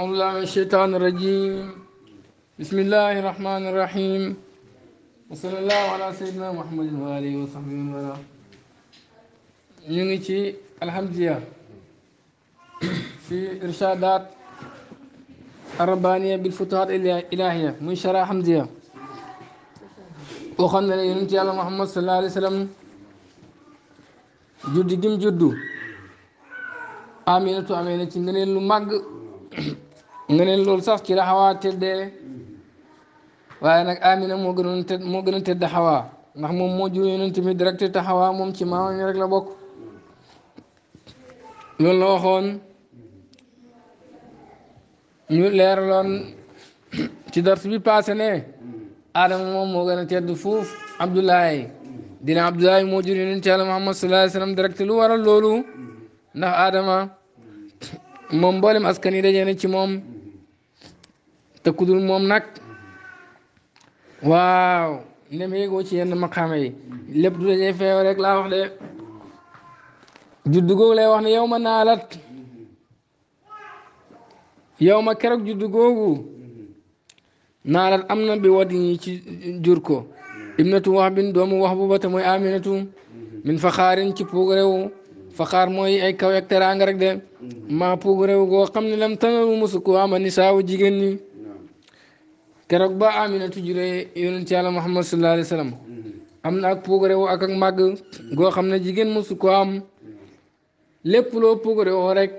الله من الشيطان الرجيم بسم الله الرحمن الرحيم وصلى الله على سيدنا محمد وآله وصحبه وسلم نيجي الحمدية في إرشادات الربانية بالفتوحات الإلهية من شرع حمدية وخلنا ننتي على محمد صلى الله عليه وسلم جد جم جدو آمينة آمينة تندني المغ nga ne loolu sax ci la xawaa tëddee waaye nag Amina moo gënoon tëdd moo gën a tëdd xawaa ndax moom moo jur yonent bi direct te xawaa moom ci maamam yi rek la bokk loolu la waxoon ñu leeraloon ci dars bi passé ne Adama moom moo gën a tedd fuuf Abdoulaye dina Abdoulaye moo jur yonent Yàlla Muhammad sallallahu alayhi wa sallam direct lu waral loolu ndax Adama moom mboolem askan yi daje ci moom. te ku moom nag waaw ndem yëgoo ci yenn maqaama yi lépp du dajee feew wax de juddu googu wax ne yow ma naalat yow ma keroog juddu googu naalat am na bi wadi ci jur ko ibnatu wax bin doomu wax bu ba te mooy aminatu min faxaarin ci puug réew mooy ay kaw ak rek de maa puug goo xam ne lam tanaru musu ama nisaawu jigéen ñi keroog ba Aminatu juree yonent yàlla Muhammad sallallahu alayhi mm-hmm. am na ak pogore woo ak ak màgg goo xam ne jigéen mosu ko am lépp loo pogore woo rek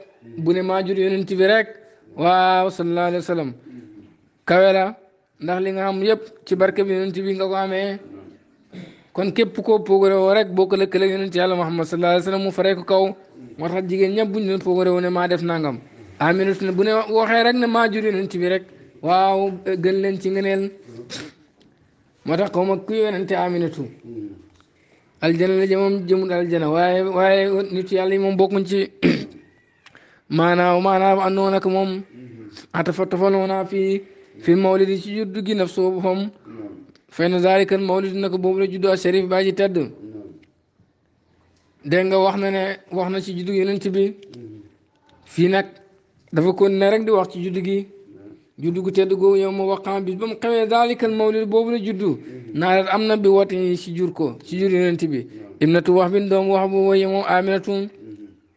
bu ne maa jur yonent bi rek waaw sallallahu alayhi wa sallam mm-hmm. kawe la ndax li nga am yëpp ci barke bi yonent bi nga ko amee mm-hmm. kon képp koo pogore woo rek boo ko lëkkaleeg yonent yàlla Muhammad sallallahu alayhi wa sallam mu faree ko kaw moo jigéen ñëpp bu ñu leen pogore woo ne maa def nangam Aminatu bu ne waxee rek ne maa jur yonent waaw gën leen ci ngëneel moo tax xaw ma ku yonente aminatu aljana la jëmam jëmul aljana waaye waaye nitu yàlla yi moom bokkuñ ci maanaam maanaam àndoon ak moom atafa tafaloona fii fi mawlidi ci juddu gi naf soo boppam fay na zaari kan mawlidi nag boobu la juddu a sharif baa ji tedd nga wax na ne wax na ci juddu gi yonent bi fii nag dafa ko ne di wax ci juddu gi juddu gu tedd googu yow ma waqaan bis ba mu xamee daalikal mawlid boobu la juddu naaret am na bi woote yi jur ko si jur yonent bi ibnatu wax bin doom wax bu woye moom aminatu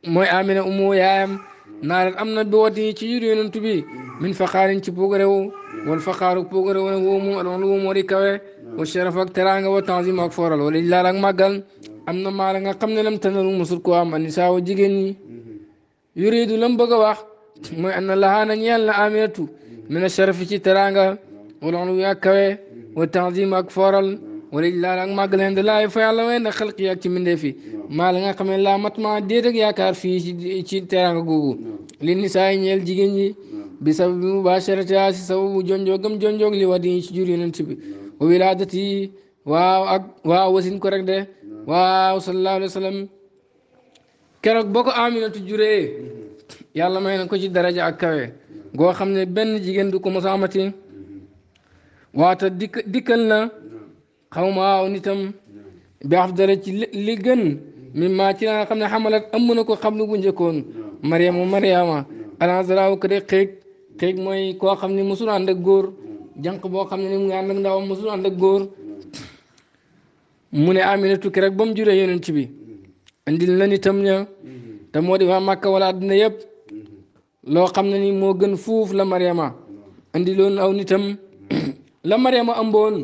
mooy amina umu yaayam naaret am na bi woote ci jur yonent bi min faqaarin ci wal faqaaru poogarewu ne woo moom alon lu woo kawe wa sharaf teraanga wa tanzim ak foral wala ilaal am na maala nga xam ne lam tanaru musul ko am anisaa wa a من الشرف في ترانغا والعنو كوي والتعظيم أكفورا ولله لك ما قلنا لا يفعل وين خلق ياك من دفي ما لنا قمن لا مطمع ديرك يا كار في شي ترانغا غوغو للنساء نيل جيجنجي بسبب مباشرة سبب جونجوغم جونجوغ لي ودين جوري ننتبه وولادتي واو ak waaw wasin ko rek de waaw sallallahu alayhi wa sallam keroog boo ko aminatu juree yàlla may na goo xam ne benn jigéen du ko mos amati waata dikk dikkal na xaw ma waaw nitam bi afdala ci li maa ci la nga xam ne xamalat ëmb ko xam lu bu njëkkoon mariama mariama alanzaraaw ko de xéeg xéeg mooy koo xam ni mosul ànd ak góor boo xam ne ni mu ngi ànd ak mu ne amina tukki rek ba mu juree yonent bi indil na nitam ña te moo di waa màkka wala àddina yëpp loo xam ne ni moo gën fuuf la Mariama andi loon aw nitam la Mariama amboon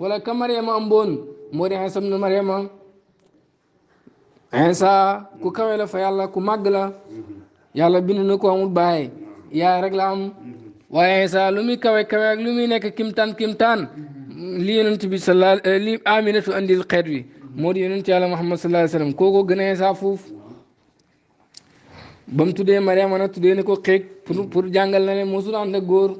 wala ka Mariama amboon moo di Iisaa ibnu Mariama Iisaa ku kawe la fa yàlla ku màgg la yàlla bindu na ko amul baay yaay rek la am waaye Iisaa lu muy kawee kawe ak lu muy nekk kimtaan kimtaan li ti bi sala li Aminatu andil xeet wi moo di yonent yàlla Muhammad sallallahu alayhi wa sallam kooko gën a fuuf ba mu tuddee Mariama nag tuddee ne ko xeeg pour pour jàngal na ne mosul ànd ak góor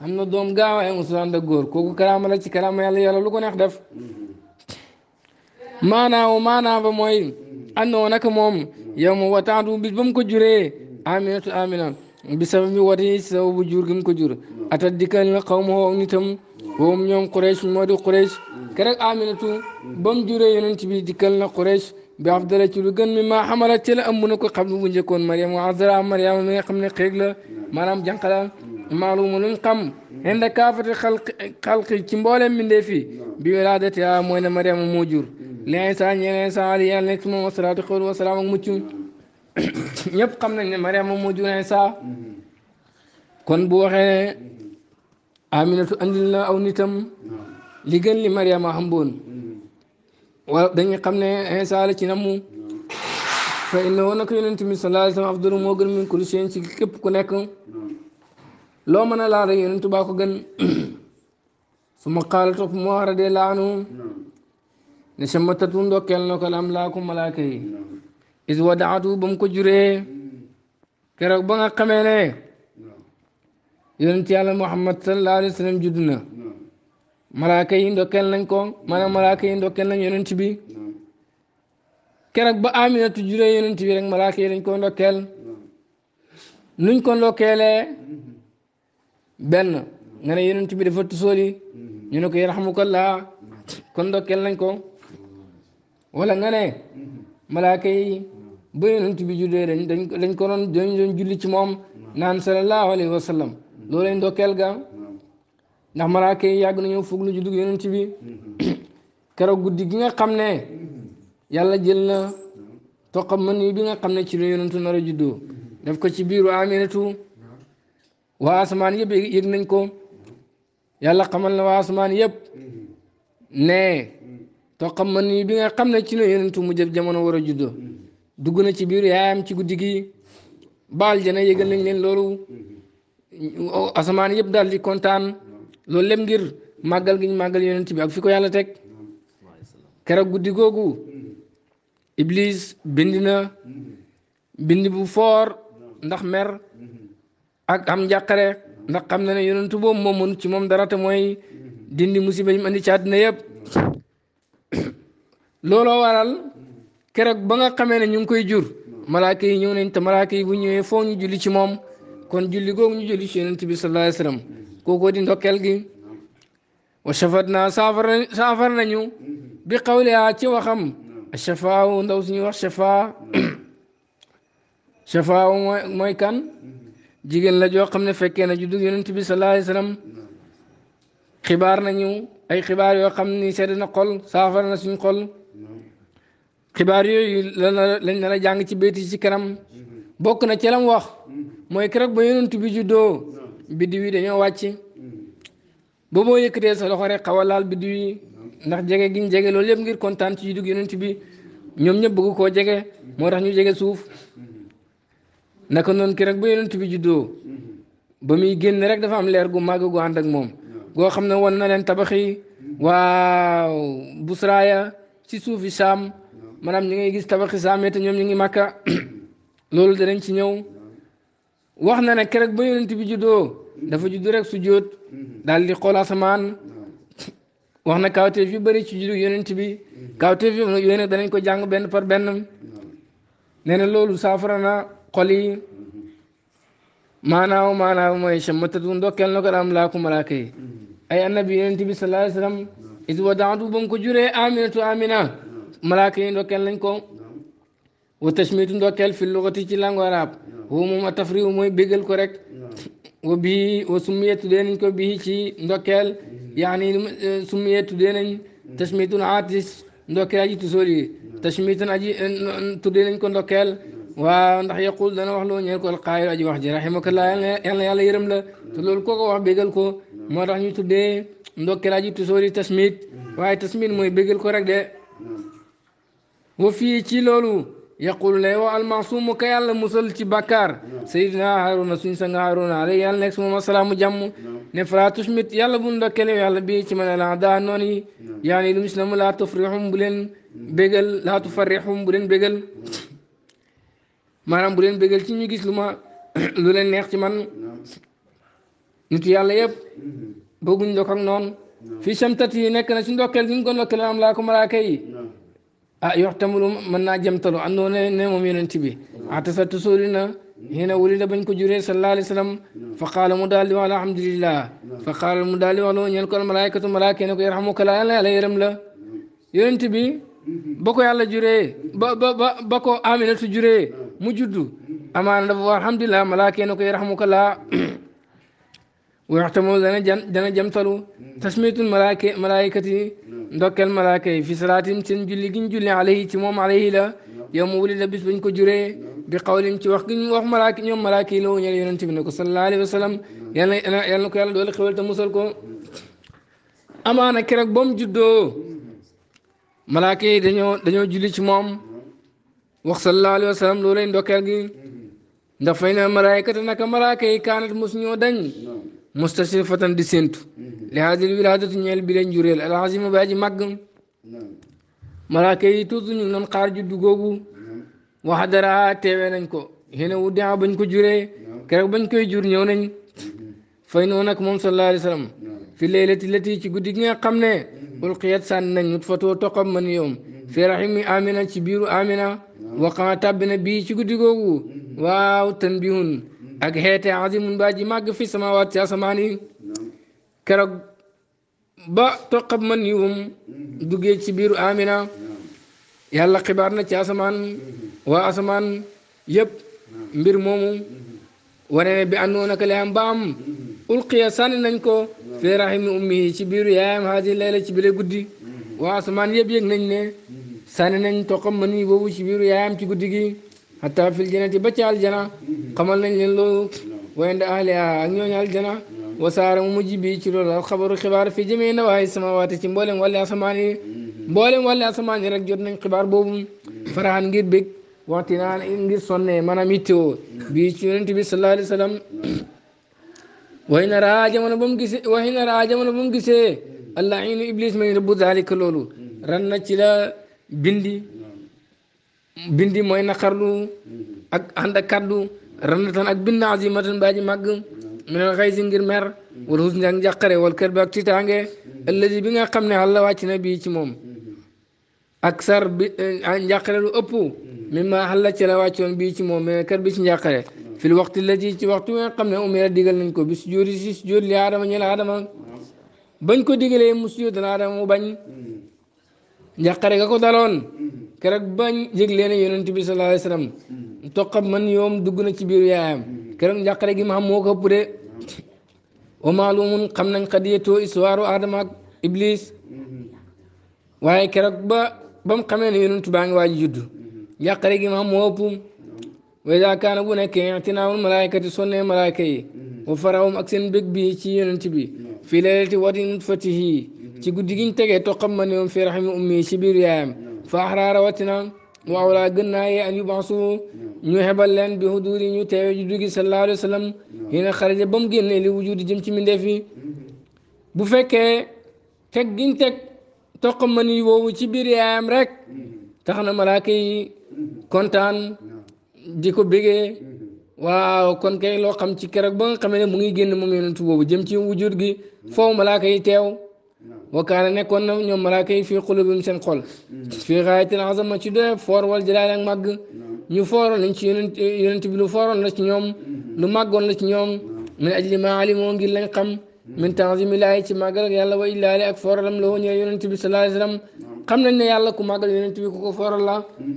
am na doom gaa waaye mosul ànd ak góor kooku karaama la ci karaama yàlla yàlla lu ko neex def maanaaw maanaa ba mooy woo naka moom yow ma wataatu bis ba mu ko juree aminatu amina bi sabab mi wati si sababu jur gi mu ko jur atat dikkal na xaw ma woo nitam woom ñoom Quraysh moo di Quraysh keroog aminatu ba mu juree yonent bi dikkal na Quraysh bi afdala ci lu gën mi maa xamalat ci la ëmb na ko xam ne bu njëkkoon mariam wa azra mariam mi nga xam ne xéeg la maanaam jànq la maaluma luñ xam xen da kaafati xalq xalqi ci mbooleem mbindee fii bi wilaadati yaa mooy ne mariam moo jur li insa ñeel insa ali yàlla nekk moom wasalaatu xawlu wasalaam ak mucc ñëpp xam nañ ne mariam moo jur insa kon bu waxee ne aminatu andil na aw nitam li gën li mariam a xamboon wala dañuy xam ne Insa la ci namu fa innahu nag yonent bi sallallahu alayhi wa sallam afdalu moo gën min kulli shay'in ci képp ku nekk loo mën a laal rek yonent baa ko gën su ma xaala topp mu war a dee laanu ne sammatatu ndokkeel na ko lam laa ko malaaka yi is wadaatu ba mu ko juree keroog ba nga xamee ne yonent yàlla Muhammad sallallahu alayhi wa sallam judd na malaaka yi ndokkeel nañ ko maanaam malaaka yi ndokkeel nañ yonent bi keroog ba aminatu juree yonent bi rek malaaka yi dañ ko ndokkeel nuñ ko ndokkeelee benn nga ne yonent bi dafa tusóoli ñu ne ko yarhamukallah kon ndokkeel nañ ko wala nga ne malaaka yi ba yonent bi juree dañ dañ dañ ko doon dañ ci moom naan sallallahu alayhi ga ndax malaaka yi yàgg nañoo foog lu juddug yonent bi mm-hmm. keroog guddi gi nga xam ne mm-hmm. yàlla jël na mm-hmm. toqam man yi bi nga xam ne ci la yonentu nar a juddoo def ko ci biiru aminatu waa asamaan yëpp yëg nañ ko yàlla xamal na waa asamaan yëpp ne toqam man yi bi nga xam ne ci la yonentu mu jëf jamono war a juddoo dugg na ci biiru yaayam ci guddi gi baal jana yëgal nañ leen loolu asamaan yëpp daal di kontaan loolu lépp ngir màggal gi ñu màggal yonent bi ak fi ko yàlla teg keroog guddi googu Iblis bind na bind bu foor ndax mer ak am njàqare ndax xam na ne yonentu boobu moom mënu ci moom dara te mooy dindi musiba yi mu andi ci àddina yëpp looloo waral keroog ba nga xamee ne ñu ngi koy jur malaaka yi ñëw nañ te malaaka yi bu ñëwee foo ñu julli ci moom kon julli googu ñu julli ci yonent bi sallallahu alayhi kookoo di ndokkeel gi wa shafat naa saafara saafar nañu bi xawliyaa ci waxam wu ndaw suñuy wax shafaa shafaaw mooy kan jigéen la joo xam ne fekkee na juddu yonent bi sallallahu alayhi wasallam xibaar nañu ay xibaar yoo xam ni sedd na xol saafara na suñu xol xibaar yooyu lañ la jàng ci béyti ci kanam bokk na ci lam wax mooy keroog ba yonent bi juddoo biddiw yi dañoo wàcc ba boo yëkkatee sa loxo rek xaw a laal biddiw ndax jege giñ jege loolu yëpp ngir kontaan ci juddu yonent bi ñoom ñëpp bëgg koo jege moo tax ñu jege suuf naka noonu ki rek ba yonent bi juddoo ba muy génn rek dafa am leer gu màgg gu ànd ak moom goo xam ne won na leen tabax waa waaw busraaya suuf yi saam maanaam ñu ngi gis tabaxi saam te ñoom ñu ngi màkka loolu danañ ci ñëw wax na ne keroog ba yonent bi juddoo dafa juddu rek su jóot daal di xool asamaan wax na kawteef yu bëri ci juddu yonent bi mm-hmm. kawteef yu yooyu nag danañ ko jàng benn par benn nee na loolu saafara na xol yi mm-hmm. maanaaw maanaaw mooy chamatatu ndokkeel na ko daam laa ko malaaka yi mm-hmm. ay annabi yonent bi sallallahu alayhi wa sallam is wadaatu ba mu ko juree amina malaaka yi ndokkeel nañ ko woo tashmiitu ndokkeel fi luxati ci langue arabe wa moom a tafriw mooy béggal ko rek wa bii wa summiya tuddee nañ ko bii ci ndokkeel mm. yaani eh, summiya tuddee nañ mm. tashmiitun aatis ndokkeel aji tusóor yi tashmiitun aji eh, tuddee nañ ko ndokkeel waaw ndax yaqul dana wax loo ñeel ko alqaayil wax yàlla yërëm la loolu koo ko wax ko moo tax ñu tuddee ndokkeel aji tusóor yi tashmiit mm. waaye tashmiit mooy béggal ko rek de wa fii ci loolu يقول لي أيوة، المعصوم كيال مسل تي بكار نعم. سيدنا هارون سن سن هارون علي يال نيكس مو سلام جام نعم. نفراتوش ميت يال بوندا كلي يال بي تي من الاعداء نوني نعم. يعني المسلم لا تفرحهم بلن بيغل لا تفرحهم بلن بيغل مانام بلن بيغل تي ني غيس لوما لولن نيك تي مان نيت يال ييب بوغن دوك نون في شمتتي نيك نا سن دوكل سن كون وكلام لاكم راكاي يحتمل من ناجم تلو أنو نمو من انتبه عتسا تسولنا هنا ولد بن كجوري صلى الله عليه وسلم فقال مدالي وعلى الحمد لله فقال المدالي وعلى أن يلقى الملائكة ملائكة نكو يرحمك لا يلا يرم له ينتبه بكو يالا جوري بكو آمنة جوري مجدو أما الحمد لله ملائكة نكو يرحمك لا ويحتمل دنا جم دنا جمتلو تسمية الملائكة ملائكة دوك الملائكة في صلاة تن جلي جن جلي عليه تموم عليه لا يوم ولد لبس بن كجرة بقول إن توقع إن وق ملاك إن يوم ملاك إلو إن يلي ننتبه نقول صلى الله عليه وسلم يعني أنا يعني لو كان دول خبرت مسلك أما أنا كرك بوم جدو ملاك دنيو دنيو جلي تموم وق صلى الله عليه وسلم لولا إن دوك الجن دفعنا ملاك تنا كملاك كانت مسنيو دني mustashir di séntu mhm. li haadil wilaadatu ñeel bi jureel alxasima baa ji màgg malaaka yi tuuti ñu noon xaar juddu googu wax dara teewee nañ ko xëy na wu dee bañ ko juree keroog bañ koy jur ñëw nañ mhm. fay noonu ak moom sallallahu alayhi wa sallam fi leylati lati ci guddi gi nga xam ne mhm. ulqiyat sànni nañ ñut fatoo toqam man yoom fi rahimi amina ci biiru amina waqaa tàbbi na bii ci guddi googu waaw tanbihun ak xeete azimun ba ji màgg fi samawaat ci asamaan yi keroog ba toqab man yiwum duggee ci biiru amina yàlla xibaar na ci asamaan waa asamaan yëpp mbir moomu wane ne bi àndoon ak layam ba am ulqiya sànni nañ ko fee rahimi ummi ci biiru yaayam haadi layla ci bile guddi waa asamaan yëpp yëg nañ ne sànni nañ toqab man yi boobu ci biiru yaayam ci guddi gi xataa fil janati ba ci aljana xamal nañ leen loolu wayande ahliha ak ñooñu aljana wasaara mu mujj bi ci loolu alxabaru xibaar fi jëmee na waaye samawaati ci mboolem wàlli asamaan yi mboolem wàlli asamaan yi rek jot nañ xibaar boobu faraxan ngir bég waxti naan ngir sonne maanaam ittoo bi ci yonent bi sallallahu alayhi wa sallam way na raa jamono ba mu gisee way na raa jamono ba mu gisee allah inu iblis may rëbbu zalika loolu ran na ci la bindi bindi mooy naqarlu ak ànd ak kaddu randatan ak bind azimatan baaji màgg min al xaysi ngir mer wal husni ak wal kër bi ak tiitaange alladi bi nga xam ne àlla wàcc na bii ci moom ak sar bi eh, njàqare lu ëpp mimma àlla ci la wàccoon bii ci moom mais kër bi ci njàqare fil waxti alladi ci waxtu bi nga xam ne umira digal nañ ko bi su jóori si su jóor li aadama ñel aadama bañ ko digalee mu sujjóot aadama mu bañ njàqare ga ko daloon keroog bañ yëglee ne yonent bi sallallahu alayhi wasallam man yoom dugg na ci biir yaayam keroog njàqare gi ma xam moo ko ëpp de wa maalumun xam nañ xadiyatoo histoire Adama ak Iblis waaye keroog ba ba mu xamee ne yonent baa ngi waaj juddu njàqare gi ma moo ëpp wa idaa kaana bu nekkee itinaawul malaayikati sonnee malaayika yi wa farawum ak seen bi ci yonent bi fii laylati wadi ci guddi gi ñu tegee toqam man yoom fii raxmi ummi ci biir yaayam faaxaraa rawatina waaw laa gën naa yee an yu bansu ñu xebal leen bi huduur yi ñu teewe ju dugi sallallahu alayhi wa sallam yéen ba mu génnee li wujudi jëm ci mindeef yi bu fekkee teg giñ teg toqamani yi woowu ci biir yaayam rek tax na malaaka kontaan di ko bégee waaw kon kay loo xam ci keroog ba nga xamee ne mu ngi génn moom yonentu boobu jëm ci wujud gi foo malaaka yi teew وكان نكون نيوم راكي في قلوبهم سن قل في غاية العظمة تدو فور والجلال مغ نعم. ني فور نتي ينتي بلو فور لا سي نيوم لو ماغون نعم. من اجل ما علموا غير لن من تعظيم الله تي ماغل يالا وي الله لك فور لم لو ني ينتي بي صلى الله عليه وسلم خم نعم. نني يالا كو ماغل ينتي فور لا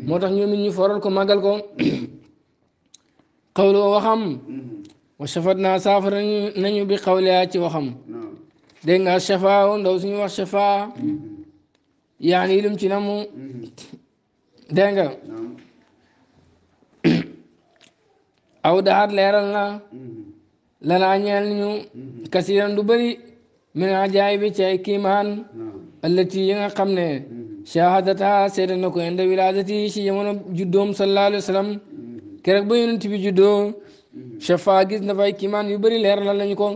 موتاخ نيوم ني فور كو ماغل قولوا وخم وشفتنا سافر نيو بقولها تي وخم dégg nga shafaa ndaw suñu wax shafaa mm-hmm. yaani lum ci namu mm-hmm. dégg nga aw daxat leeral na mm-hmm. lanaa ñeel ñu kasiran du bari min ajaay bi ci ay kiimaan allati yi nga xam ne shahadata seede na ko inda wilaadati si jamono juddoom sallallahu ba yonent bi juddoo gis na fay kiimaan yu bëri leeral lañu ko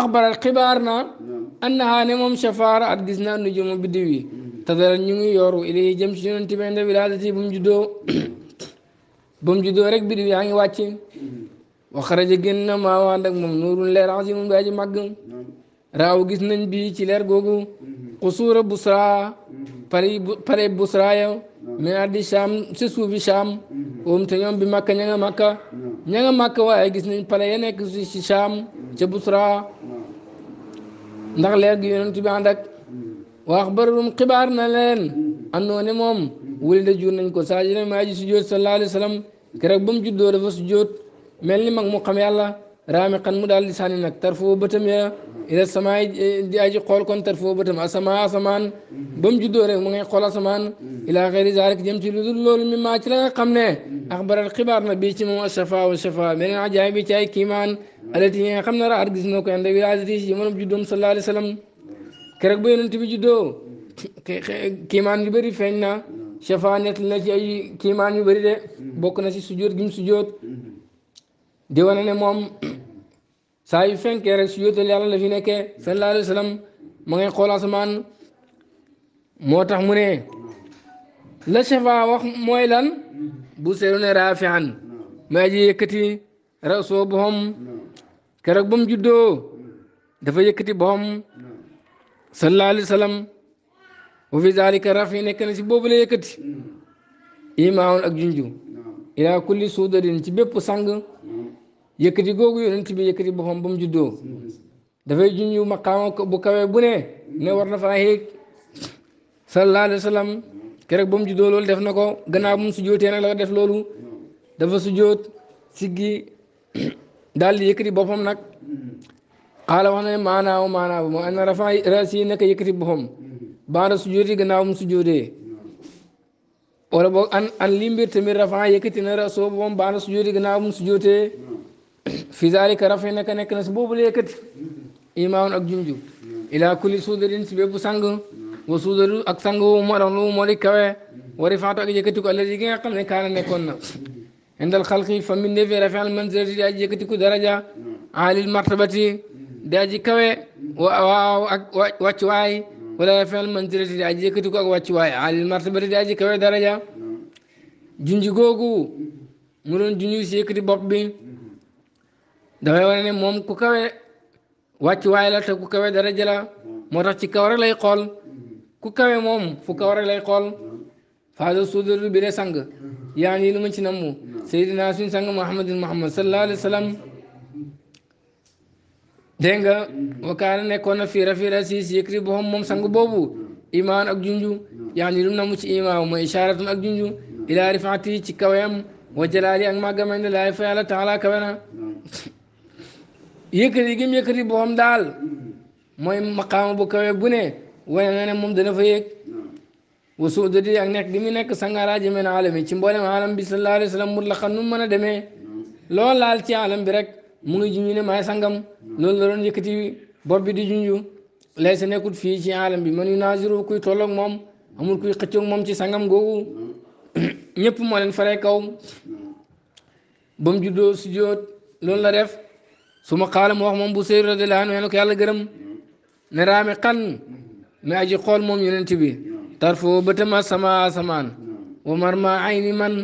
أخبر الخبارنا نعم. نعم. أنها نمم شفارة أردسنا النجوم بدوي تدر نيوي يورو إليه جمشي ننتي بين ولادتي بمجدو بمجدو رك بدوي عن يعني واتشين نعم. وخرج جنة ما وعندك ممنور نور لير عظيم باجي مقم راو جسنا بي تلير غوغو xusuura busra pare pare busra ya mais ardi Cham si suufi Cham um te ñoom bi makka ña nga makka ña nga makka waaye gis nañ pare ya nekk si Cham ca busra ndax leer gi yonent bi ànd ak wax barum xibaar na leen andoo ne moom wuli da jur nañ ko saa ji maa ji sujjóot sallallahu alayhi wa sallam keroog ba mu juddoo mel ni mag mu xam yàlla raami xan mu daal di sànni nag tarfoo bëtam ya ila sama eh, di aji xool kon tarfoo bëtam asama asamaan ba mu juddoo rek mu ngay xool asamaan ila xëyri zaalik jëm ci lu dul loolu mi maa ci la nga xam ne axbaral xibaar na bii ci moom asafa wa safa meneen ajaay bi ci ay kiimaan alati yi xam ne raat gis na ko ànd wilaadati si jamono juddoom sallallahu alayhi wa sallam keroog ba yonent bi juddoo kiimaan yu bëri feeñ na safa nett na ci ay kiimaan yu bëri de bokk na si sujoot gi mu sujoot di saa yu fenkee rek su yóotal yàlla la fi nekkee sallallahu alayhi wa sallam ma ngay xool asamaan moo tax mu ne la shafa wax mooy lan bu seeru ne raafian maa ji yëkkati rasoo boxam keroog ba mu juddoo dafa yëkkati boxam sallallahu alayhi wa sallam wa fi zalika na si boobu la yëkkati imaaun ak junju ila kulli suudarin ci bépp sang yëkkati googu yonent bi yëkkati boppam ba mu juddoo dafay junj maqaama bu kawee bu ne ne war na faa yéeg sallallahu alayhi wa sallam keroog ba mu juddoo loolu def na ko gannaaw bu mu sujjootee nag la def loolu dafa sujjoot siggi daal di yëkkati boppam nag xaala wax na ne maanaaw maanaaw mooy ana rafa rasi naka yëkkati boppam baada sujjooti gannaaw bu mu sujjootee wala boog an an li mbir tamit rafa yëkkati na rasoo boppam baada sujjooti gannaaw bu mu sujjootee fi zalika rafet na nekk na si boobu la yëkkati imaam ak junju ila kulli suudarin si bépp sang wa suudaru ak sang wu moo tax lu moo di kawe wari faatu ak yëkkati ko alladi gi xam ne kaana nekkoon na indal xalqi fa min defi rafet al daa ji yëkkati ko daraja alil martabati daa ji kawe waaw ak wàccuwaay wala rafet al manzilati daa ji yëkkati ko ak wàccuwaay alil martabati daa ji kawe daraja junju googu mu doon junju si yëkkati bopp bi. dafay wane ne moom ku kawe wàcc waay la te ku kawe daraja la moo tax ci kaw rek lay xool ku kawe moom fu kaw rek lay xool faasa suudaru bi sang yaa ngi lu ma ci namu Seydina suñ sang Muhammadin Muhammad sallallahu alayhi wa sallam dégg nga wakaana nekkoon na fiira fiira siis yëkkati boppam moom sang boobu imaan ak junju yaa ngi lu mu namu ci imaan mooy isharatun ak junju ilaa rifaati ci kawayam wa jalaali ak màggam ne laay fa yàlla taala kawe yëkkati gi mu yëkkati boppam daal mooy maqaama bu kawe bu ne wane na ne moom dana fa yëg wasu dadi ak nekk gi mu nekk sangaaraaji men alami ci mboolem alam bi sallallahu alayhi wa sallam mutlaqan nu mën a demee loolu laal ci alam bi rek mu ngi junj ne maay sangam loolu la doon yëkkati bopp bi di junj lay sa nekkul fii ci alam bi man yu naaziru kuy tolloog moom amul kuy xëccoog moom ci sangam googu ñëpp moo leen faree kaw ba mu juddoo sujjóot loolu la def suma ma xaala wax moom bu Busayri radiyallaahu anhu yàlla ko gërëm ne raame xan mi aji xool moom yonent bi tarfoo bëtama sama asamaan wa marma ayni man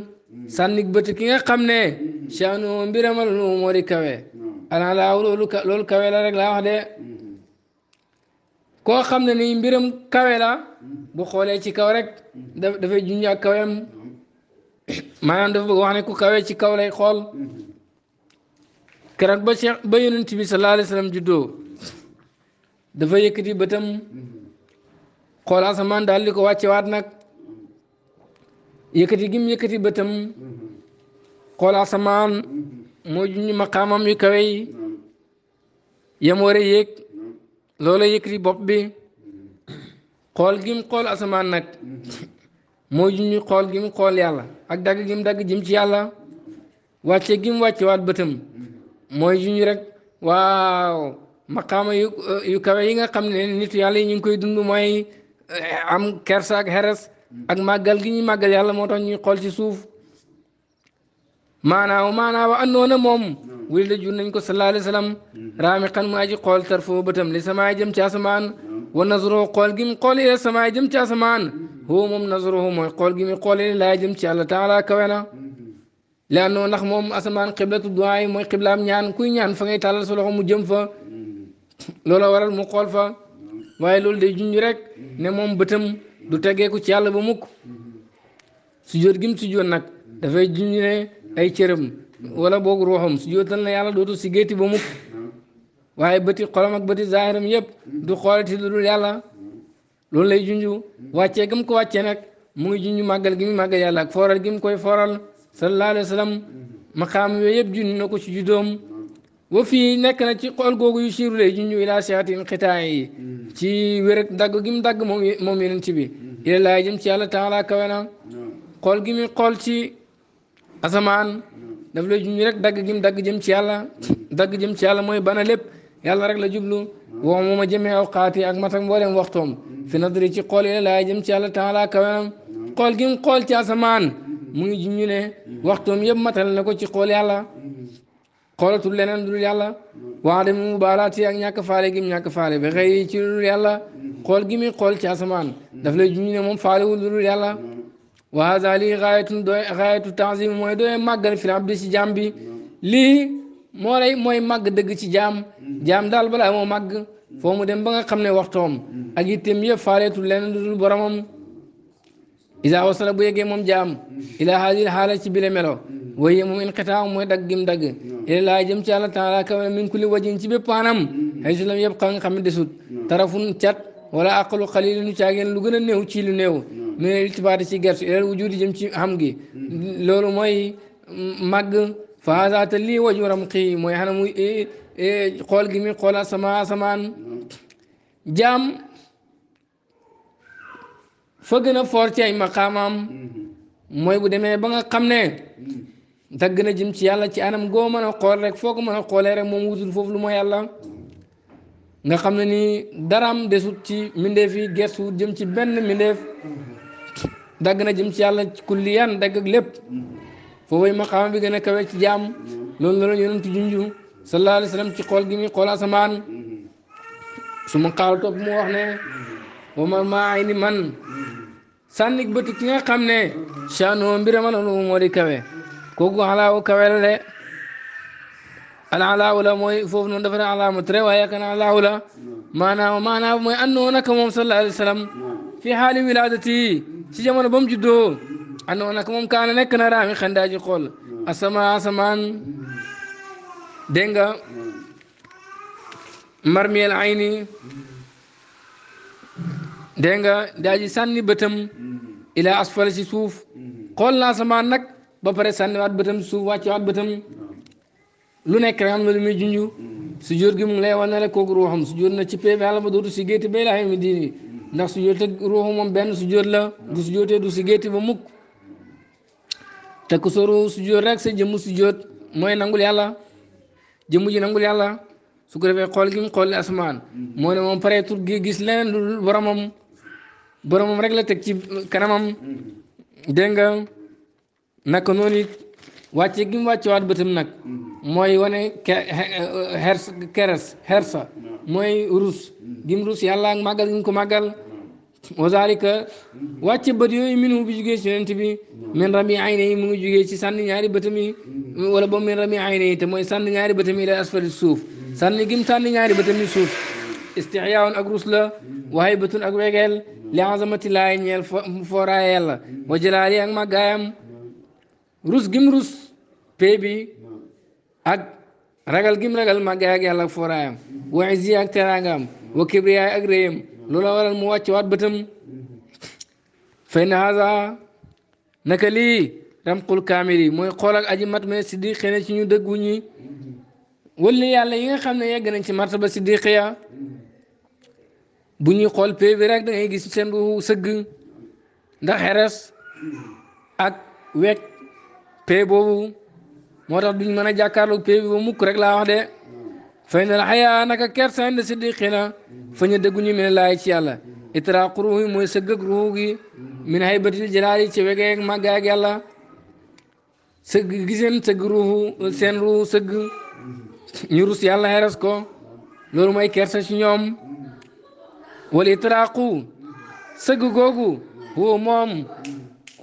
sànnik bët ki nga xam ne shaanu mbiramal lu moori kawe ana kawe la laa wax de koo xam ne nii mbiram kawe bu xoolee ci kaw rek dafay junj ak kawem maanaam dafa bëgg wax ne ku kawe ci kaw lay xool keroog ba Cheikh ba yonent bi sallallahu alayhi wa sallam juddoo dafa yëkkati bëtam xool asamaan daal di ko wàcce waat nag yëkkati gim yëkkati bëtam xool asamaan moo junj maqaamam yu kawe yi yam war a yéeg loola yëkkati bopp bi xool gim xool asamaan nag moo junj xool gim xool yàlla ak dagg gim dagg jëm ci yàlla wàcce gim wàcce waat bëtam mooy juñu rek waaw maqaama yu yu kawe yi nga xam ne nit yi ñu ngi koy dund mooy eh, am kersa ak xeres ak màggal gi ñuy màggal yàlla moo tax ñuy xool ci suuf maanaaw maanaaw andoona moom wuli da jur nañ ko sallallahu alayhi wa sallam raami xan mu aji xool tar foo bëtam li samaay jëm ci asamaan wa nazroo xool gi mu xool ila samaay jëm ci asamaan hoo moom nazroo mooy xool gi mu xool ila laa jëm ci àlla taala kawe laa noonu ndax moom asamaan xiblatu duwaay mooy xiblaam ñaan kuy ñaan fa ngay tàllal sa loxo mu jëm fa looloo waral mu xool fa waaye loolu day junj rek ne moom bëtam du teggeeku ci yàlla ba mukk sujjóot gi mu sujjóot nag dafay junj ne ay cëram wala boog ruuxam sujjóotal na yàlla dootu si géeti ba mukk waaye bëti xolam ak bëti zaahiram yëpp du xoolati lu dul yàlla loolu lay junj wàccee mu ko wàccee nag mu ngi junj màggal gi mu màggal yàlla ak fooral صلى الله عليه وسلم مقام يبجي نكوش جدوم وفي نك نتي قول جوجو يشير لي جنو إلى سيات انقطاعي تي ورك دعو جيم دعو مومين تبي إلى لاجم تيالا تعالى كونا قول جيم قول تي أسمان دبل جنو ورك دعو جيم دعو جيم تيالا دعو جيم تيالا موي بانا لب يالا رك لجبلو وهم ما جمع أوقاتي أجمعهم ولهم وقتهم في نظري تي قول إلى لاجم تيالا تعالى كونا قول جيم قول تي أسمان mu ngi ñu ne waxtoom yëpp matal na ko ci xool yàlla xoolatul leneen dul yàlla waa de mu baalaati ak ñàkk faale gi mu ñàkk faale ba xëy ci dul yàlla xool gi muy xool ci asamaan daf lay juñ ne moom faalewul dul yàlla wa hada lii xaayatu doy xaayatu tanzim mooy doy màggal fi abdi ci jaam bi lii moo mooy màgg dëgg ci jaam jaam daal balaa moo màgg foo mu dem ba nga xam ne waxtoom ak itteem yëpp faaleetul leneen dul boromam إذا وصل أبو يجي مم جام إلى هذه الحالة تبي بلا ملو وهي إن انقطاع مم دق جم دق نعم. إلى لا جم تي الله تعالى كما من كل وجه تبي بانم حيث لم يبقى عن خم سود نعم. طرف تشات ولا أقل قليل نشاعين لغنا غنا نيو تي نعم. من الاتبار سيجار إلى وجود جم تي همجي لولو ماي مغ فهذا تلي وجه رمقي هنا مي إيه إيه قال جمي قال سما سمان جام fa gën a foor ci ay maqaamaam mm-hmm. mooy bu demee ba nga xam ne mm-hmm. dagg na jëm ci yàlla ci anam goo mën a xool rek foo ko mën a xoolee rek moom wutul foofu lu ma yàlla mm-hmm. nga xam ne nii daraam desut ci mbindeef yi gestu jëm ci benn mbindeef dagg na jëm ci yàlla kulli kulliyan dagg ak lépp foofay maqaama bi gën a kawe ci jaam loolu la la yonent junju sallallahu alayhi wa ci xool gi muy xool asamaan su ma xaal topp mu wax ne wa ma maa ay ni man sànni bëti ki nga xam ne caanoo mbirama la lu moo di kawe kooku alaawu kawe la de mooy foofu noon dafa ne alaamu tere waaye kan alaawu mooy annoo naka moom sallallahu alayhi fi xaali wilaadati ci jamono ba mu juddoo annoo naka moom kaana nekk na raami xandaaji xool asamaan dégg nga marmiyel dégg nga daa ji sànni bëtam ilaa asfal si suuf xool naa asamaan nag ba pare sànni waat bëtam suuf wàcce waat bëtam lu nekk rek am na lu muy junj su jóot gi mu ngi lay wan rek kooku ruuxam su na ci pee yàlla ba dootu si géeti bay laa mi diini ndax su te ruuxu moom benn su jóot la du su du si géeti ba mukk te ku sa ruuxu rek sa jëmm su jóot mooy nangul yàlla jëmm ji nangul yàlla su ko defee xool gi mu xool asamaan moo ne moom pare tur boromam rek la teg ci kanamam dégg nga naka noonu it wàcce gi mu wàccewaat bëtam nag mooy wane xers keres xersa mooy rus gi mu rus yàlla ak màggal gi mu ko màggal wazalika wàcce bët yooyu minu bi jugee ci yonent bi min rami ayne yi mu ngi jugee ci sànni ñaari bëtam yi wala boobu min rami ayne yi mooy sànni ñaari bëtam yi ila asfali suuf sànni gi mu sànni ñaari bëtam yi suuf rus la waxay bëtun ak wegeel لعظمة الله إن يفورا يلا وجلالي أنما قايم روس جيم روس بيبي أك رجل جيم رجل ما جاي جاي الله فورا يم وعزي أك تراعم وكبري أك لولا ورا المواجه وات بتم فإن هذا نكلي رم قل كاميري مو يقولك أجي مات من سدي خنا شنو دعوني واللي على ينخم نيجي نشمار سب سدي خيا bu ñuy xool PV rek da ngay gis seen ruuxu sëgg ndax xeres ak wekk PV boobu moo tax duñ mën a jàkkaarloog PV ba mukk rek laa wax de fay na la xayaa naka kersan de siddiqina fa ñu dëgguñu mel laay ci yàlla itiraaq ruux yi mooy sëgg ak ruux gi min haybatil jalaal yi ci wegee ak màggaay ak yàlla sëgg giseen sëgg ruuxu seen ruuxu sëgg ñu rus yàlla xeres ko loolu mooy kersa ci ñoom wal itraaqu sëgg googu woo moom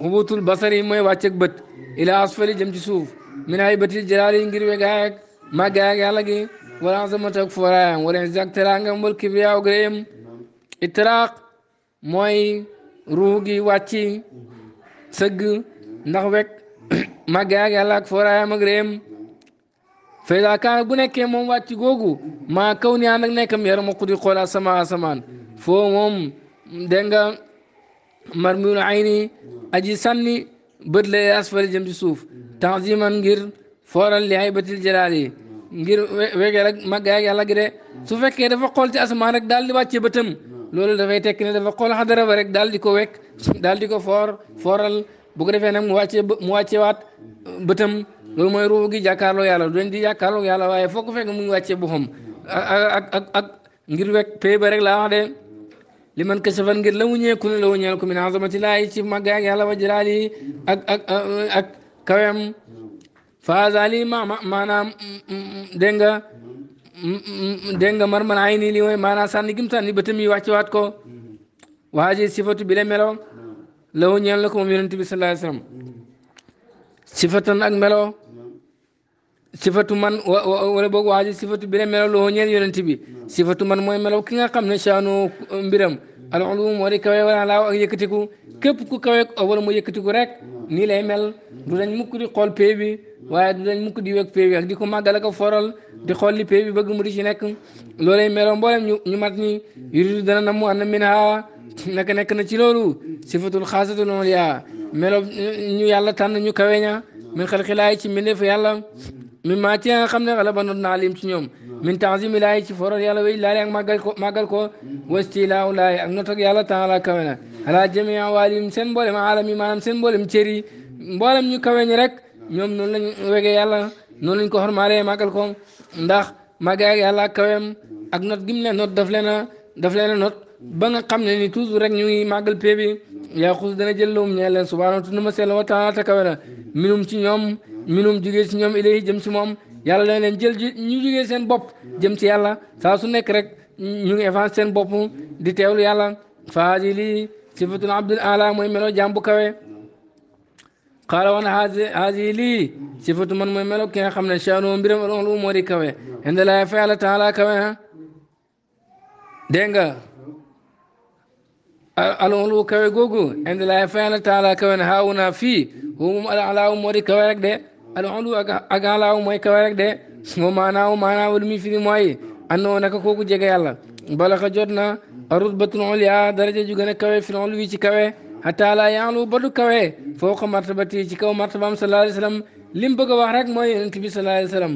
xubutul basari mooy wàcceeg bët ila asfali jëm ci suuf min ay bëti jalaal yi ngir wegaay ak màggaay ak gi wala azamata ak fooraayam wala jak teraangam wal kibriyaaw gréyam itraaq mooy ruux gi wàcci sëgg ndax wek màggaay ak yàlla ak fooraayam ak réem fayda bu nekkee moom wàcci googu maa kaw ni ànd ak nekkam yaram a xudi xool asamaan foo moom dégg nga marmiul ayni aji sànni bët la asfali jëm ci suuf tanziman ngir fooral li ay haybatil jalaali ngir wegeel ak màggaay yàlla gi su fekkee dafa xool ci asamaan rek daal di wàccee bëtam loolu dafay tekki ne dafa xool xadara ba rek daal di ko wekk dal di ko foor fooral bu ko defee nag mu wàccee mu wàccee waat uh, bëtam loolu mooy ruux gi jàkkaarloo yàlla du leen di jàkkaarloo yàlla waaye foo ko fekk mu ngi wàccee boppam ak ngir wekk pay rek laa wax de li man kasafan ngir la mu ñeeku ne la mu ñeel ko min azamatillahi ci màggaay yàlla wa jalaali ak ak ak kawem faazali ma maanaam dégg nga dégg nga man ay nii li mooy maanaam sànni gim sànni ba tamit wàcce waat ko waa ji sifatu bi la melo la mu la ko moom yonent bi sallallahu sifatan ak melo sifatu man wala boog waa ji sifatu bi ne melaw loo ñeel yonent bi sifatu man mooy melaw ki nga xam ne shaanu uh, mbiram alxulum moo di kawe wala laaw ak yëkkatiku képp ku kawe wala mu yëkkatiku rek nii lay mel du dañ mukk di xool pay bi waaye du dañ mukk di wekk pay ak di ko maa ak foral di xool li pay bi bëgg di ci nekk loolay melaw mboolem ñu ñu mat ni yuridu dana na mu ànd min haa naka nekk na ci loolu sifatul xaasatul yaa melaw uh, ñu yàlla tànn ñu kawe ña min xalqilaay ci min maa ci nga xam ne xala ba not naa lim ci ñoom min tanzim ilaahi ci foral yàlla wéy laali ak màggal ko màggal ko mm-hmm. wastilaahu laahi ak not ak yàlla taala kawe na mm-hmm. ala jamia waalim seen mboolem aalam yi seen mboolem cër yi mm-hmm. mboolem ñu kawe rek ñoom noonu lañ wegee yàlla noonu lañ ko xormaale màggal ko ndax màggal ak yàlla ak kawem ak not gim leen not daf leen a daf leen a not ba nga xam ne ni toujours rek ñu ngi màggal pee bi yaa xus dana jël lawum ñeel leen subhaanahu tudd ma sell wa taala takawe na minum ci ñoom minum jugee ci ñoom ilahi jëm si moom yàlla dana leen jël ñu seen bopp jëm ci yàlla saa su nekk rek ñu seen bopp di teewlu yàlla faadi lii sifatul abdul ala mooy meloo jaam bu kawe xaala woon man mooy melo ki nga xam ne chaano mbiram al ulu moo di kawe indalaa fa yàlla taala kawe dégg nga alon lu kawe googu indi laay fa yàlla taala kawe na xaawu naa fii wu moom al alaaw moo di kawe rek de alon lu ak ak alaaw mooy kawe rek de moom maanaaw maanaaw lu muy firi mooy annoo naka kooku jege yàlla balaxa jot na rutbatun ulya daraja ju gën a kawe fi lu wi ci kawe xataa laa yaalu ba du kawe foo ko martabati ci kaw martabaam sallallahu lim bëgg a wax rek mooy yonent bi sallallahu alayhi wa sallam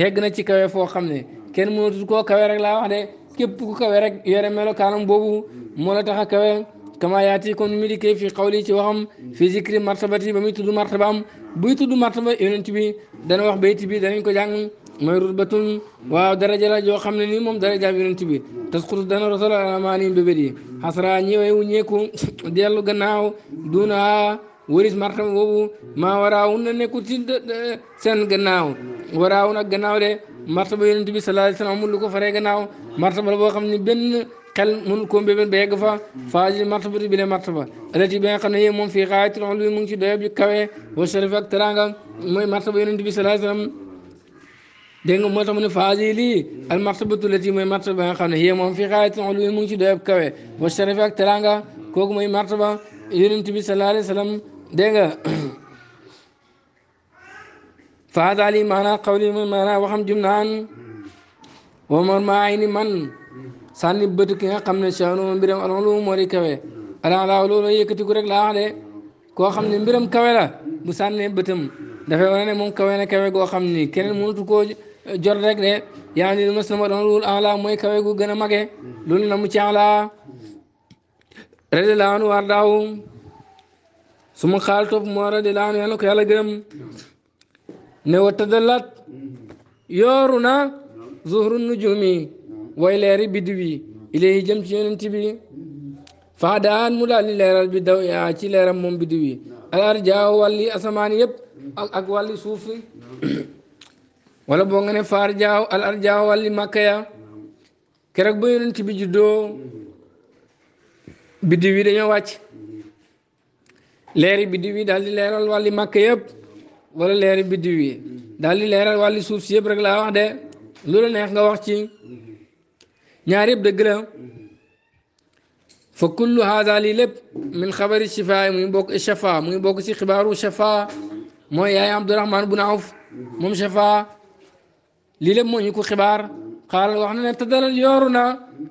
yegg na ci kawe foo xam ne kenn mënatul koo kawe rek laa wax képp ku kawe rek yore melokaanam boobu moo la tax a kawe kama yaati comme mi dikkee fii xawli ci waxam fii zikri martabati ba muy tudd martabaam buy tudd martaba yonent bi dana wax bayti bi danañ ko jàng mooy rutbatun waaw daraja la joo xam ne nii moom darajaam bi tasqutu dana rotala alamaani bébét yi xasra ñëwewu ñeeku dellu gannaaw duuna waris martam boobu maa na nekkul ci de martaba yonent bi sallallahu alayhi wasallam amul lu ko faree gannaaw martaba la boo xam ne benn xel mënul ko mbébén ba yegg fa faajil martaba bi le martaba alati bi nga xam ne yéen moom fii xaayatul ulwi mu ngi ci doyob ju kawe wa sharaf ak teranga ne faasi lii al kawe wa sharaf ak teranga kooku martaba yonent bi sallallahu alayhi dégg nga faada li maanaa xawli man waxam jum naan waman maa ay man sànni bët ki nga xam ne chanuma mbiram alolu moo di kawe alaalaaw loolu yëkkatiku rek laa de koo xam mbiram kawe la bu sànnee bëtam dafay wane ne moom kawe na kawe goo xam ni keneen mënutu koo jot rek de yaa ni lu na mooy kawe gu gën a mage loolu na mu ci ala radi laa war daaw su ma xaal topp moo ra di laan yàlla ko yàlla gërëm ne wa tadalat yooru na zuhru nujumi way leeri biddiw yi ilayhi jëm ci yonent bi faadaan mu daal di leeral bi daw yaa ci leeram moom biddiw yi al arjaa wàlli asamaan yëpp ak wàlli suuf wala boo faar jaaw al arjaa wàlli màkka ya keroog ba yonent bi juddoo biddiw yi dañoo wàcc leer bi yi daal di leeral wàlli màkk yëpp wala leeri biddiw yi daal di leeral wàlli suuf si yëpp rek laa wax de lu la neex nga wax ci ñaar yëpp dëgg la fa kullu haada lii lépp min xabari shifaa mu ngi bokk shafa mu ngi bokk si xibaaru shafa mooy yaay abdourahman bun awf moom shafa lii lépp moo ñu ko xibaar xaaral wax na ne te dalal yooru na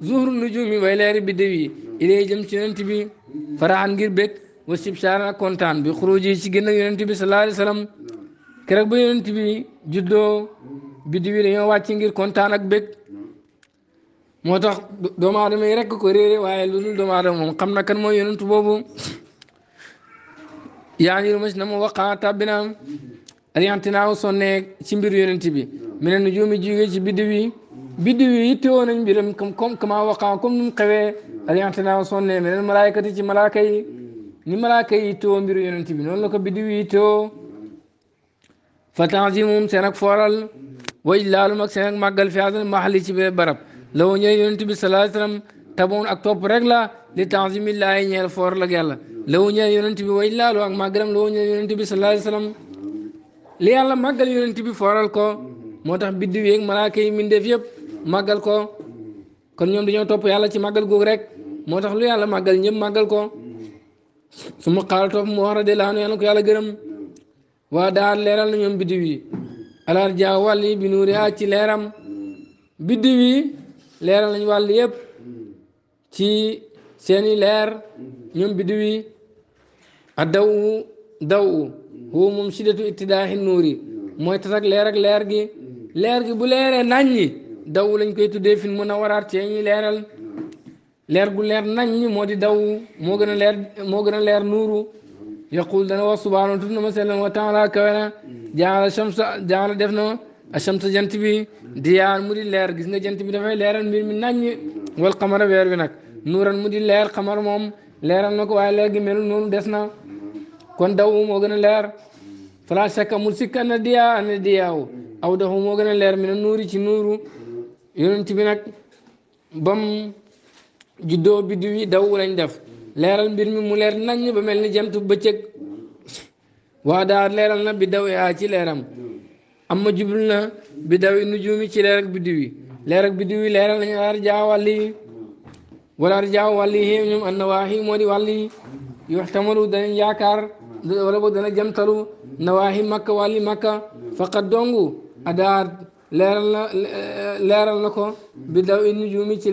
zuhru nujumi way leeri biddiw yi ilay jëm ci nant bi faraan ngir bëgg wastibshaar ak kontaan bi xuruj yi ci génn ak yonent bi sallallahu ba yonent bi juddoo biddi bi dañoo kontaan ak bég moo tax doomu aadama yi rek ko réere waaye lu dul doomu aadama moom xam na kan mooy yonent boobu yaa ngi mas na sonne ci mbir yonent bi mu ne ci biddi bi yitte woon nañ mbiram comme comme comment waqaa comme nu sonne meneen malaaykat ci malaaka ni malaaka yi yittewoo mbiru yonent bi noonu la ko biddiw yi yittewoo fa tanzimum seen ak fooral waj laalum ak seen màggal fi hasan mahali ci bee barab la woo ñëw yonent bi sallallahu ak topp rek la li tanzimi laayi ñeel fooral ak yàlla la woo ñëw yonent bi waj laalu ak màggalam la woo ñëw yonent bi sallallahu fooral ko moo tax biddiw yeeg malaaka mindeef yëpp màggal ko kon ñoom dañoo topp yàlla ci màggal googu rek moo tax lu yàlla màggal ñëpp màggal ko su ma xaal topp mu wax radiyallaahu anhu yàlla ko yàlla waa daal leeral na ñoom biddiw yi alaar jaa wàll yi bi nuuri a ci leeram biddiw yi leeral nañ wàll yëpp ci seeni leer ñoom biddiw yi a daw daw hu moom siddatu ittidaahi nuuri mooy tas ak leer leer gi leer gi bu leeree nañ ñi daw lañ koy tuddee fin mun a waraat ci leeral leer gu leer nañ ñi moo di daw moo gën a leer moo gën a leer nuuru yaqul dana wax subhaanahu tudd na ma sellam wa taala kawe na jaala shamsa jaala def na ashamsa jant bi diyaan mu di leer gis nga jant bi dafay leeral mbir mi nañ wal xamara weer bi nag nuuran mu di leer xamar moom leeral na ko waaye leer gi melul noonu des na kon daw moo gën a leer fala shakka mu sikka na diyaa ana diyaaw aw daxu moo gën a leer mi ne nuuri ci nuuru yonent bi nag bam juddoo biddiw yi daw lañ def leeral mbir mi mu leer nañ ba mel ni jant bëccëg waa daal leeral na bi daw yaa ci leeram amma jublu na bi daw yi nujuumi ci leer ak biddiw yi leeral nañ ar jaa wàll yi wala an na waa xii moo di wàll yi yuxtamalu danañ yaakaar wala boog dana jamtalu na waa xi makka wàlli makka faqat dongu adaar leeral na ko bi daw yi nujuumi ci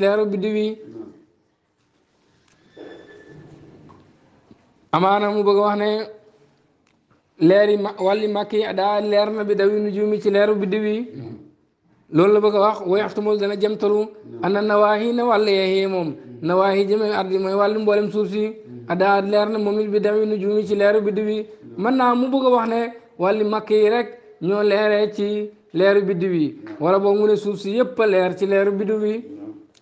amaana mu bëgg wax ne leer yi ma wàlli màkk yi daa leer na bi dawi ci leer biddiw yi loolu la bëgg a wax way axtumul dana jëmtalu ana a na na wàll yeexee moom nawaahi jëmee ardi mooy wàllu mboolem suuf si daa leer na moom it bi dawi nujuumi ci leer biddiw yi naa mu bëgg a wax ne wàlli màkk yi rek ñoo leeree ci leer biddiw yi wala boog mu ne suuf si yëpp a leer ci leeru biddiw yi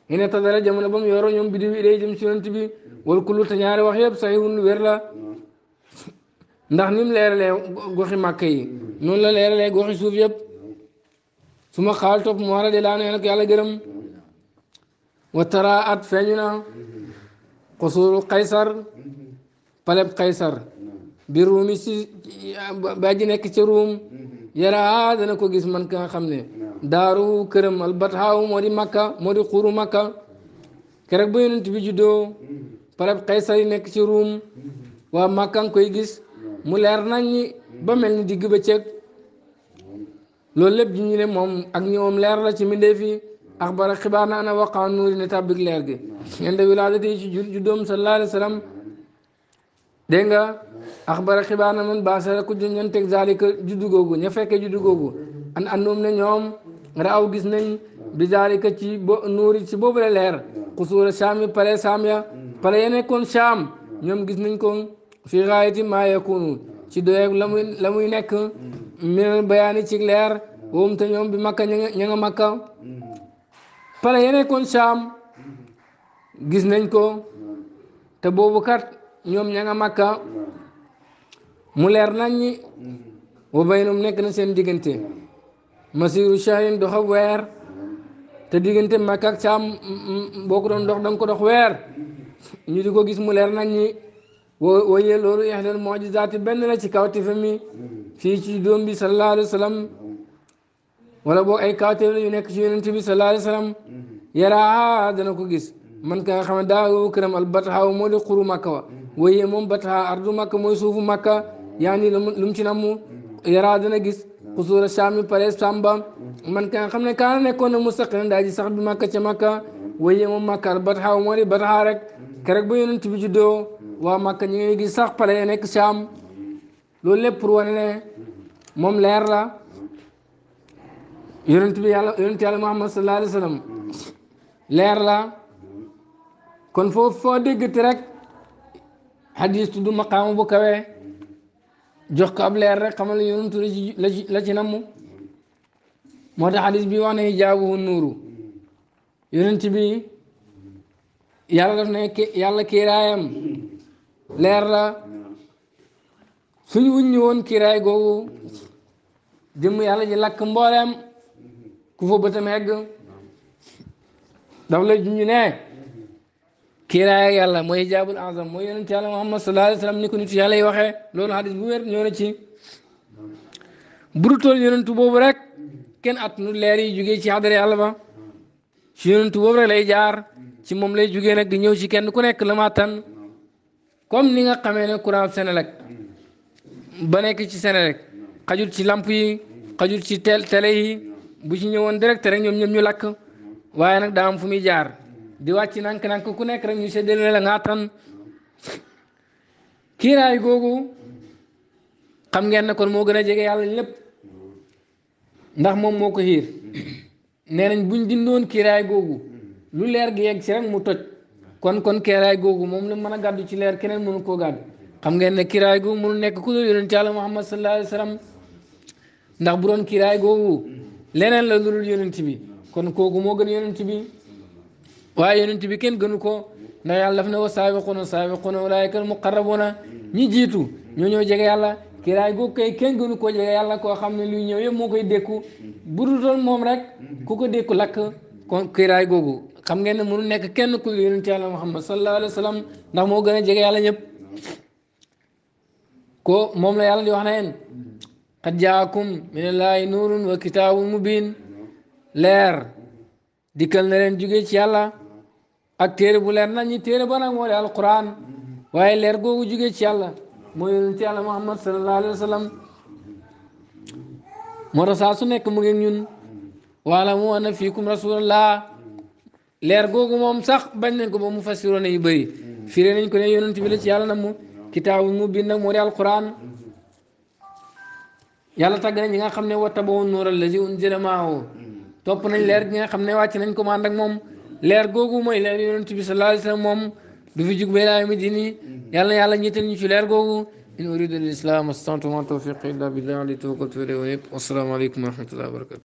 yi ne tadara jamono ba mu yoroo ñoom biddiw yi day jëm ci yonent bi wal kullu te ñaari wax yëpp saxiihun wér la ndax ni mu leeralee goxi màkk yi noonu la leeralee goxi suuf yëpp su ma xaal topp mu war a delaa nee nag yàlla gërëm wa tara at feeñu na xusuuru Qaysar paleb Qaysar bi ruumi si ba ji nekk ci ruum yaraa dana ko gis man ka nga xam ne daaru këram albataaw moo di makka moo di xuuru makka keroog ba yonent bi juddoo parab xaysar yi nekk ci ruum waa Màkka nga koy gis mu leer nañ ñi ba mel ni digg bëccëg loolu lépp ji ñu ne moom ak ñoom leer la ci mbindeef yi axbara xibaar na ana waqaa nuuri ne tàbbik leer gi ñen de wilaadati yi ci juddoom sallallahu dégg nga axbara xibaar na man baasara ku ñan teg zalika juddu googu ña fekkee juddu googu an anum ne ñoom raaw gis nañ bi zalika ci nuuri ci boobu la leer xusuura saami pare saam ya pale ya nekkoon Saam ñoom gis nañ ko fii raayati maa yakunu ci doyeeg la muy nekk minal bayaani ci leer woom te ñoom bi makka ña nga makka pale ya nekkoon Saam gis nañ ko te boobu kat ñoom ña makka mu leer nañ ñi wa mu nekk na seen diggante masiru shahin doxa weer te diggante makka ak Saam boo ko doon dox danga ko dox weer ñu di ko gis mu leer nañ ñi waye loolu ihdal mujizaati benn la ci kawtifam mi fii ci doom bi sallallahu alayhi wa sallam wala boog ay kawtif la yu nekk ci yonent bi sallallahu alayhi wa sallam yaraa dana ko gis man ka nga xam ne daawu këram al bataxaaw moo di xuru makka wa waye moom bataxaa ardu makka mooy suufu makka yaa ni lu mu ci namm yaraa dana gis xusuura saami pare samba man ka nga xam ne kaana nekkoon na mu saqina daa ji sax bi makka ca makka waaye moom Makka al Batha moo di Batha rek keroog ba yonent bi juddoo waa Makka ñu ngi gis sax pale ya nekk Saam loolu lépp pour wane ne moom leer la yonent bi yàlla yonent yàlla Muhammad sallallahu alayhi wa la kon foofu foo déggati rek xadis tudd maqaama bu kawee jox ko ab leer rek xamal yonent la la ci namm moo tax xadis bi wax ne hijaabuhu nuuru yonent bi yàlla daf yàlla kiiraayam leer la suñ woon kiiraay googu jëmm yàlla ji lakk mbooleem ku fa bëtam egg daf lay junj ne kiiraay yàlla mooy hijaabul azam mooy yonent yàlla muhammad sallallahu alayhi wa sallam ni ko yàlla yi waxee loolu hadis bu wér ñoo na ci budutoon yonentu boobu rek kenn at nu leer yi jógee ci hadara yàlla ba ci yonentu boobu rek lay jaar ci moom lay jugee nag di ñëw ci kenn ku nekk la ma tan comme ni nga xamee ne courant Sénélec ba nekk ci Sénélec xajul ci lamp yi xajul ci tel yi bu ci ñëwoon direct rek ñoom ñoom ñu lakk waaye nag daa am fu muy jaar di wàcc nank-nank ku nekk rek ñu séddale la ngaa tan kiiraay googu xam ngeen ne kon moo gën a jege yàlla lépp ndax moom moo ko xiir nee nañ buñ dindoon kiiraay googu hmm. lu leer gi yegg si mu toj kon kon kiiraay googu moom la mën a gàddu ci leer keneen mënu koo gàddu xam ngeen ne kiiraay googu mënu nekk ku dul yonent Yàlla Muhammad sallallahu alayhi ndax bu doon kiiraay googu leneen la lu dul yonent kon kooku moo gën yonent bi waaye yonent bi kenn gënu ko ndax yàlla daf ne wa saabiquuna saabiquuna ulaaika al muqarrabuuna ñi jiitu ñoo ñoo jege yàlla kiraay googu kay kenn gënu ko jege yàlla koo xam ne lu ñëw yëpp moo koy dékku bu dul moom rek ku ko dékku lakk kon kiraay googu xam ngeen ne mënu nekk kenn ku yonent yàlla Muhammad sallallahu alayhi wa sallam ndax moo gën a jege yàlla ñëpp ko moom la yàlla di wax na yeen qad jaakum minallaahi nuurun wa kitaabun mubiin leer dikkal na leen jóge ci yàlla ak téere bu leer nañ ñi téere ba nag moo di alquran waaye leer googu jóge ci yàlla mooy yonent yàlla Muhammad sallallahu alayhi wa sallam moo tax saa su nekk mu ngi ñun waalamu anna fiikum rasulullah leer googu moom sax bañ nañ ko ba mu yi yu bëri firee nañ ko ne yonent bi la ci yàlla na mu kitaabu mu bind moo di alquran yàlla tàgg na ñi nga xam ne wattaba'u nuura allazi unzila ma'ahu topp nañ leer gi nga xam ne wàcc nañ ko ànd ak moom leer googu mooy leer yonent bi sallallahu alayhi wa moom du fi jug ba ilaa yawmi diin mhm. yàlla na yàlla ñettal ñu ci leer googu in uridu al islam astantu ma tawfiqi illa billah li tawakkaltu alayhi wa assalaamu aleykum wa rahmatullahi